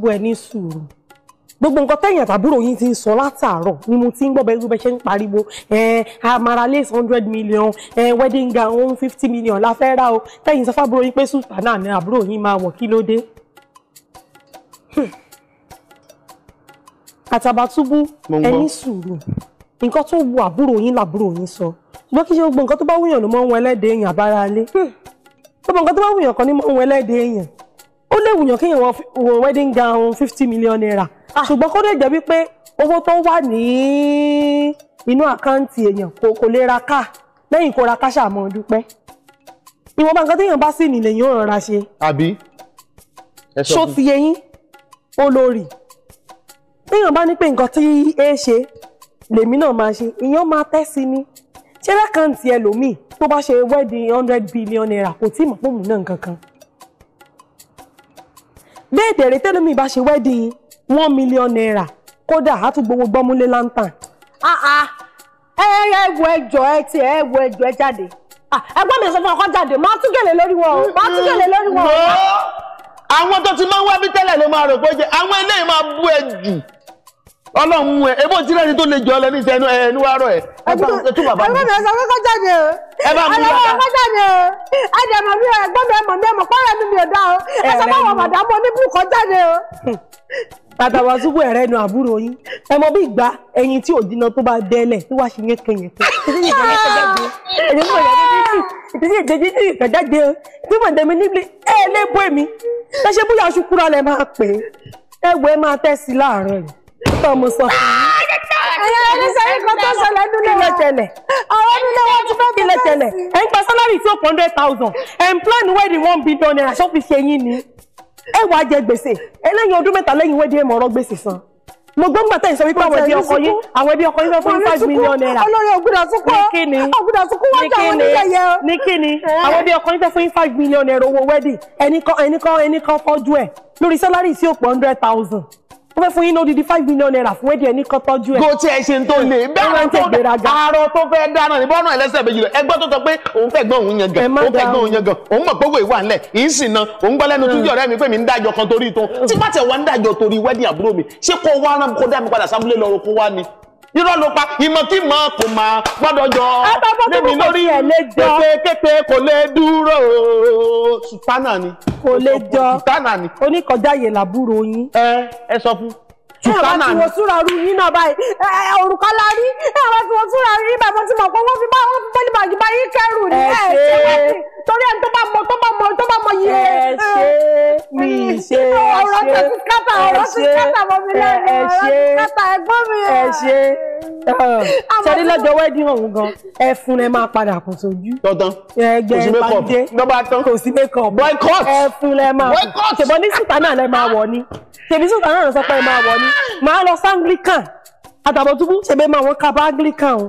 gbogbo ẹ ní sùúrù gbogbo nǹkan tẹ̀yìn àtàbúrò yín ti ń sọ látàárọ̀ ni mo ti ń gbọ́ bẹ́ẹ̀ ṣe ń pariwo amarale hundred million wedding gown one fifty million la fẹ́ rà o tẹ̀yìn sọ fábúrò yín pé sùtà náà ni àbúrò yín máa wọ̀ kí ló dé. Hmm. àtàbàtúbú ẹni sùúrù nǹkan tó wù àbúrò yín làbúrò yín sọ ṣùgbọ́n kí ṣe gbogbo nǹkan tó bá wùyàn ló mọ̀ ń wọ ẹlẹ́dẹ̀ẹ́ èèyàn àbára lé hmm. gbogbo nǹkan tó bá wùyàn kan ní mọ̀ ń wọ ẹlẹ́dẹ̀ẹ́ lè wùyàn kéèyàn wọ wedding gown fifty million naira ah. ṣùgbọ́n kó lè jẹ́ wípé owó tó wà ní inú àkáǹtì èèyàn kò lè ra ká lẹ́yìn kó ra ká ṣàmọ́ dúpẹ́ ìwọ̀nba nǹkan téèyàn bá sì nílẹ̀ yóò rọra ṣe. àbí ẹ sọ fún mi. ṣó ti yẹ yín olórí téèyàn bá ní pé nǹkan tí ẹ ṣe lèmi náà máa ṣe ìyẹn máa tẹ́ sí ni ṣé lákàntì ẹlòmíì tó bá ṣe wedding hundred billion naira kò tí ì mọ̀ pòmù náà kankan bẹ́ẹ̀ dẹ̀rẹ̀ tẹ́lómi ìbá ṣe wedding one million naira kódà á tún gbowó gbọ́múlé lantern. Ah, ah. ẹ ẹ wo ẹjọ ẹ ti ẹ wo ẹjọ ẹ jáde ah, ẹgbọ́n mi sọ fún ọkọ jáde máa tún gèlè lórí wọn o máa tún gèlè lórí wọn o. àwọn tó ti máa ń wá bí tẹ́lẹ̀ ló máa rò pé àwọn eléyìí máa bú ẹ jù ọlọ́run mú ẹ ebó tí lẹ́ni tó lè jọ lẹ́ni sẹ́nu ẹnu wárọ̀ ẹ ẹ bàbá mi. ẹgbẹ́ mi sọ jáde o ẹ bá mi lọ́dà jáde o ẹ̀jẹ̀ mọ̀ mi ẹ̀gbọ́n mi ẹ̀mọ̀ mi ẹ̀mọ̀ pọ́nrẹ́ mi mi ò dá o ẹ sọ fáwọn màdàmú oníbù kó jáde o. bàtàwà ṣubú ẹ̀rẹ́ nu àbúrò yín ẹ mọ bí ìgbà ẹyin tí ò jiná tó bá dẹ́lẹ̀ tí wàá ṣe yẹnkẹ yẹnkẹ ìtìsí ìjẹjì ní ìkàjáde o tí mo dẹ̀mí níbi ẹ̀ẹ́lẹ́bọ̀ èmi ẹ ṣe bóyá aṣọ kúrò alẹ́ máa pè é ẹ ẹ máa tẹ́ sí láàárọ̀ yìí tó mo sọ fún yín. ẹ̀yà ẹni sẹ́yìn kan tó ṣẹlẹ̀ nílé wa ṣẹlẹ̀ àwọn nílé wa ti fẹ́ bilẹ̀ ṣẹlẹ̀ ẹ̀ ń gba sálárì tí ó pọ̀ hundred thousand employee ni wẹ́ẹ̀dì one billion naira ṣọ́ fi ṣe yín ni. ẹ wàá jẹ gbèsè eléyìí ọdún mẹ́ta lẹ́yìn wẹ́ẹ̀dì ẹ̀ mọ̀ọ́rọ́ gbèsè san mo gbọ́ nígbà tẹ́yìn sọ wípé àwọn ẹbí ọkọ yín àwọn ẹbí ọkọ yín fẹ́ fún five million naira olórí ògùdà sunkún nìkíni ògùdà sunkún wájú àwọn oníyẹyẹ nìkíni àwọn ẹbí ọkọ yín fẹ́ fún five million naira owó wedding ẹnìkan ẹnìkan ẹnìkan fọ́jú ẹ̀ lórí sálárì sí òpó hundred thousand ó fẹ́ fún yín ní odidi five million naira fún wẹ́dí ẹ̀ ní kan tọ́jú ẹ̀. kò tiẹ̀ ṣe ń tó lè bẹ́ẹ̀ tó àárọ̀ tó fẹ́ dáná ní bọ́ọ̀nà ẹlẹ́sẹ̀ méjì rẹ̀ ẹgbẹ́ tó sọ pé òun fẹ́ gbọ́n òun yan gan òun fẹ́ gbọ́n òun yan gan òun mọ̀ pé ìwà ńlẹ̀ yìí sì na òun gbọ́ lẹ́nu túnjọ́ rẹ̀ mi pé mi ń dájọ́ kan torí ìtàn tí bá tẹ̀ wá ń dájọ́ torí wẹ́dí àbúrò mi ṣé kó wá rán kó dá mi padà sábúlé lọ́rùn kó wá ni irọ́ ló pa ìmọ̀ kí mọ̀ kò mà gbọ́dọ̀ jọ lémi lórí pépé kété kò lè dúró sùtánà ni kò lè jọ sùtánà ni oníkọjáyè làbúrò yín ẹ sọ fún sùtánà ni ẹ wá tí súra ru yín náà báyìí ẹ òrùka la rí ẹ wá tí súra rí báyìí mo ti wọ́n fi bá wọ́n fi bọ́lí bàjẹ́ kẹrù ni ẹ ṣe wá sí torí ẹni tó bá mọ tó bá mọ tó bá mọ yìí. ẹ ṣe mi ṣe ẹ ṣe ọ̀rọ̀ tó ti kátà ọ̀rọ̀ ti kátà mọ́ mi lẹ́nu ọ̀rọ̀ ti kátà ẹ̀gbọ́n mi. ẹ ṣe sẹ́ni lọ́jọ́ wẹ́dí ọ̀hún gan ẹ̀fun ẹ̀ máa padà kò sójú. tọ́tán ẹgbẹ́ ìpàdé kò sí mẹ́kọ̀ boycott ẹ̀fun ẹ̀ máa boycott ṣèbọn ní sùtà náà lẹ́ máa wọ̀ ni ṣèbí sùtà náà lọ sọ pé ẹ máa wọ̀ ni máa lọ sanglican àtàbọ̀túbú ṣèbí máa wọ́n kaba anglican o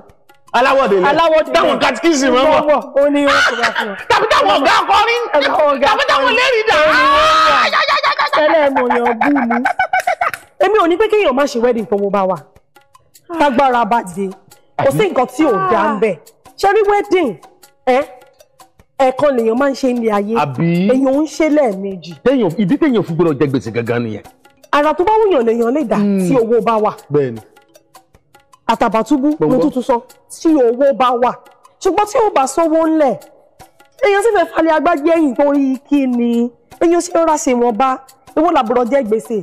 aláwọ̀dé lẹ aláwọ̀dé lẹ táwọn katikisi mọ mọ ó ní wọn kò bá fún un tàbí táwọn ọgá akọrin tàbí táwọn lẹ́rìí dà tẹ́lẹ̀ mo yàn bú mi èmi ò ní pé kéèyàn má ṣe wedding tó mo bá wà tágbára bá dé kò sí nǹkan tí ò dá ń bẹ̀ ṣe rí wedding ẹ ẹ̀ẹ̀kan lèèyàn máa ń ṣe ilé ayé èèyàn ń ṣe lẹ́ẹ̀mejì. ìdí téèyàn fi gbọ́dọ̀ jẹ gbèsè gangan nìyẹn. ara tó bá wùyàn lèèyàn lè dá hmm. tí owó bá wà. bẹ́ẹ̀ni Àtàbàtúbú mo tún tún sọ tí owó bá wà ṣùgbọ́n tí ò bá sówó ńlẹ̀ èèyàn sì fẹ́ falẹ̀ agbájẹ́ yìí torí kí ni èèyàn sì rọra ṣe wọn bá owó làbúrò jẹ́ gbèsè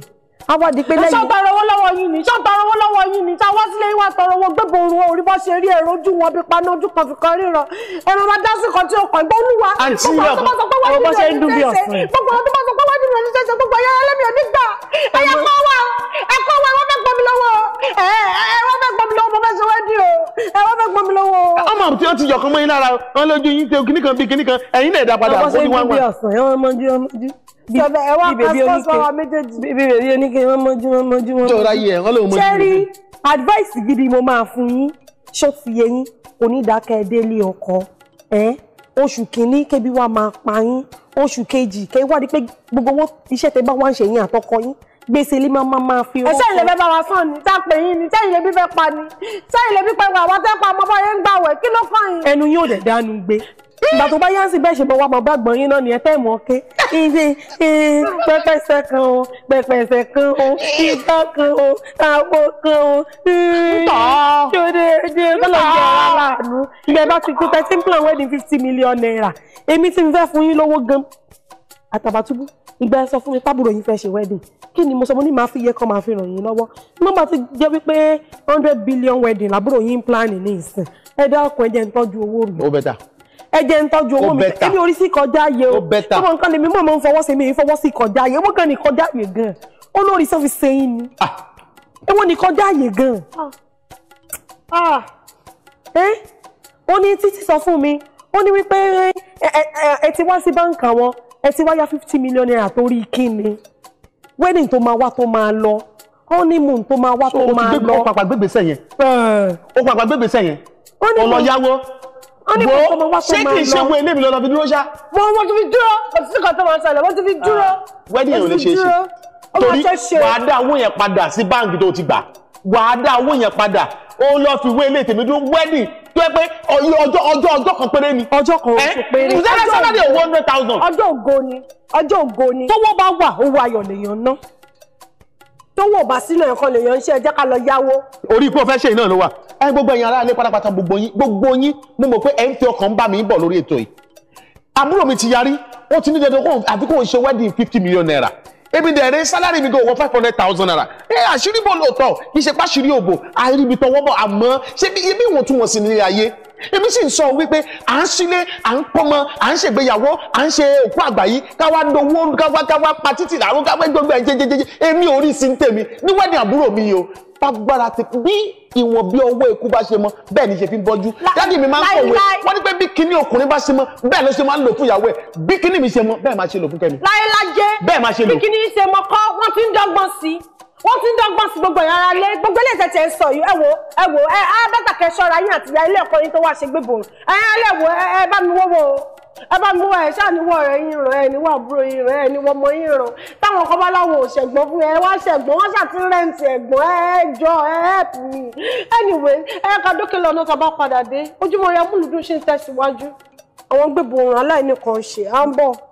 awádìí pé lẹ́yìn. ṣọ́ọ̀tà ọ̀rọ̀ owó lọ́wọ́ yín ni ṣọ́ọ̀tà ọ̀rọ̀ owó lọ́wọ́ yín ni táwa sílé yín wà tọrọ owó gbẹ́bọ̀ òru orí bọ́ ṣe rí ẹ̀rọ ojú wọn bí paná ojú kan fi kan ríran ẹ̀rọ máa dá sí kan tí ó kàn gbọ́ olúwa gbogbo ọ̀dọ́ bá sọ pé wọ́n nílò ẹni tẹ́sẹ̀ gbogbo ọ̀dọ́ bá sọ pé wọ́n nílò ẹni tẹ́sẹ̀ gbogbo ayáyá lẹ́mìí ọ̀dígbà ẹ̀yà mọ̀ tí wọ́n ti yọ̀kan mọ́ yín lára wọn lójú yín tẹ kíníkan bí kíníkan ẹ̀yin náà dá padà wọn lòun advice gidi mo máa fún yín ṣó ti yẹ yín kò ní dákẹ́ délé ọkọ ẹ̀ oṣù kìíní kébi wàá máa pa yín oṣù kejì kẹ́ wá di pé gbogbo owó iṣẹ́ tẹ bá wá ń ṣe yín àtọkọ yín gbèsè lè máa máa máa fi owó. ẹsẹ̀ ìlẹ̀ bẹ́ẹ̀ bá wa sàn ní tápẹ̀ yín ni sẹ́yìn lè bí fẹ́ pa ni sẹ́yìn lè bí pẹ́ wà wọ́n tẹ́ pa ọmọ bọ́yẹ ń gbà wẹ̀ kí ló kàn yín. ẹnu yóò dẹ̀ dánu gbé ìgbà tó bá yánsì bẹ́ẹ̀ ṣe bọ́ wá máa bá gbọ̀n yín náà ni ẹ tẹ́ mọ̀ ké ibi pẹpẹsẹ kan o pẹpẹsẹ kan o ìgbà kan o àwo kan o ṣòdè ẹjẹ ọlọ́jọ́ aláàánú ìgbà bá ti kú thirteen plan wedding fifty million naira èmi tí fẹ́ fún yín lówó gan Àtàbàtúbú ìgbà ẹ sọ fún mi pábùrò yìí fẹ́ ṣe wedding kí ni mo sọ mo ní màá fi iye kan màá fi ràn yín lọ́wọ́ nọ́mbà ti jẹ́ wípé hundred billion wedding làbúrò yín plan ní ìsìn ẹ dá ọkùn ẹ jẹ́ ń tọ́jú owó mi. ó bẹ́tà. ẹ jẹ́ ń tọ́jú owó mi ebi orí sí kọjá yẹ o ọmọ nǹkan lèmi mọ̀ mọ́ ń fọwọ́ sí mi ìfọwọ́ sí kọjá yẹ owó kan ní kọjá yẹ gan olórí sọ fi ṣe yín ni ah. owó ní kọjá yẹ gan ah. Ah. ó ní títí sọ fún mi ó ní wípé ẹ ti wá sí báǹkì àwọn ẹ ti wáyá fifty million naira torí kíni wedding tó máa wá tó máa lọ honeymoon tó máa wá tó máa lọ. o pàpà gbégbèsè yẹn eh. o pàpà gbégbèsè yẹn ọlọ́yàwó wo ṣé kì í ṣe wo eléèmí lọ́lọ́ fi dúró ṣá. wọ́n wọ́n ti fi dúró kò sí kan tó máa ń sọ̀rọ̀ wọ́n ti fi dúró. Ah, wedding yẹn ò lè ṣe é ṣe torí wàá dá owó yẹn padà sí báǹkì tó ti gbà wàá dá owó yẹn padà ó lọ fi wé ilé tèmi dúró wedding tó yẹ pé ọjọ́ ọjọ́ ọjọ́ kan péré ni. ọjọ́ kan oṣù péré ọjọ́ ògo salary one hundred thousand. ọjọ́ ògo ni ọjọ́ ògo ni. tówó bá wà owó ayọ̀ lèèyàn ná tówó bá sínú ẹ̀kan lèèyàn ń ṣe ẹ jẹ́ ká lọ yáwó. orí ikú ọ̀fẹ́ ṣe iná ló wà ẹ gbogbo ẹ̀yin aráalé pátápátá gbogbo yín gbogbo yín mo mọ̀ pé ẹ̀ ń fi ọkàn bá mi bọ̀ lórí ètò yìí àbúrò mi ti yarí ó ti ní dandan àbí kò ń ṣe Ebi dẹ̀ rẹ sálárì mi go wọ five hundred thousand naira ẹ àṣírí bọ̀ lóòótọ́ kì í ṣe páṣírí òbò àìríbi tọwọ́ bọ̀ àmọ́ ṣé ibi ìwọ̀ntúnwọ̀nsì nílé ayé èmi sì ń sọ wípé à ń sílé à ń pọmọ à ń ṣègbéyàwó à ń ṣe òkú àgbà yìí káwá dowó káwá káwá pa títì làwọn káwá gbogbo ẹ jẹjẹjẹjẹ èmi ò rí sí ń tèmi níwádìí àbúrò mi yìí o fagbára ti bí ìwọ̀n bí ọwọ́ ikú bá ṣe mọ bẹ́ẹ̀ ni ṣe fi ń bọ́jú dádì mi máa ń kọ̀wé wọ́n ní pé bí kinní ọkùnrin bá ṣe mọ bẹ́ẹ̀ ló ṣe máa ń lò fún ìyàwó ẹ̀ bí kinní mi ṣe mọ bẹ́ẹ̀ máa ṣe lò fún kẹ́mi. láyélájẹ bẹ́ẹ̀ máa ṣe lò bí kinní ṣe mọ kọ́ wọ́n ti ń dọ́gbọ́n sí i ti ń dọ́gbọ́n sí gbogbo ìyára lé gbogbo ilé ìtẹ̀tẹ̀ ń sọ yìí ẹ wo ẹ wo ẹ á bẹ́tà yín àti ilé ẹ̀kọ́ yín tó wá ṣe gbé bòrùn ẹ ẹ lẹ́wọ̀ ẹ bá mi wọ́wọ́ o ẹ bá mi wá ẹ ṣáà níwọ rẹ yín ràn ẹ níwọ àbúrò yín ràn ẹ níwọ ọmọ yín ràn táwọn kan bá láwọn òṣègbọn fún ẹ wá ṣègbọn wọn ṣàti rẹǹtì ẹ̀gbọ́n ẹ jọ ẹ help me anyway ẹ ká dókè lọ náà bá padà dé ojúmọ́ ire amúlùdún ṣe ń tẹ̀síwájú àwọn gbẹbùn ọ̀ràn aláìníkan ṣe à ń bọ̀.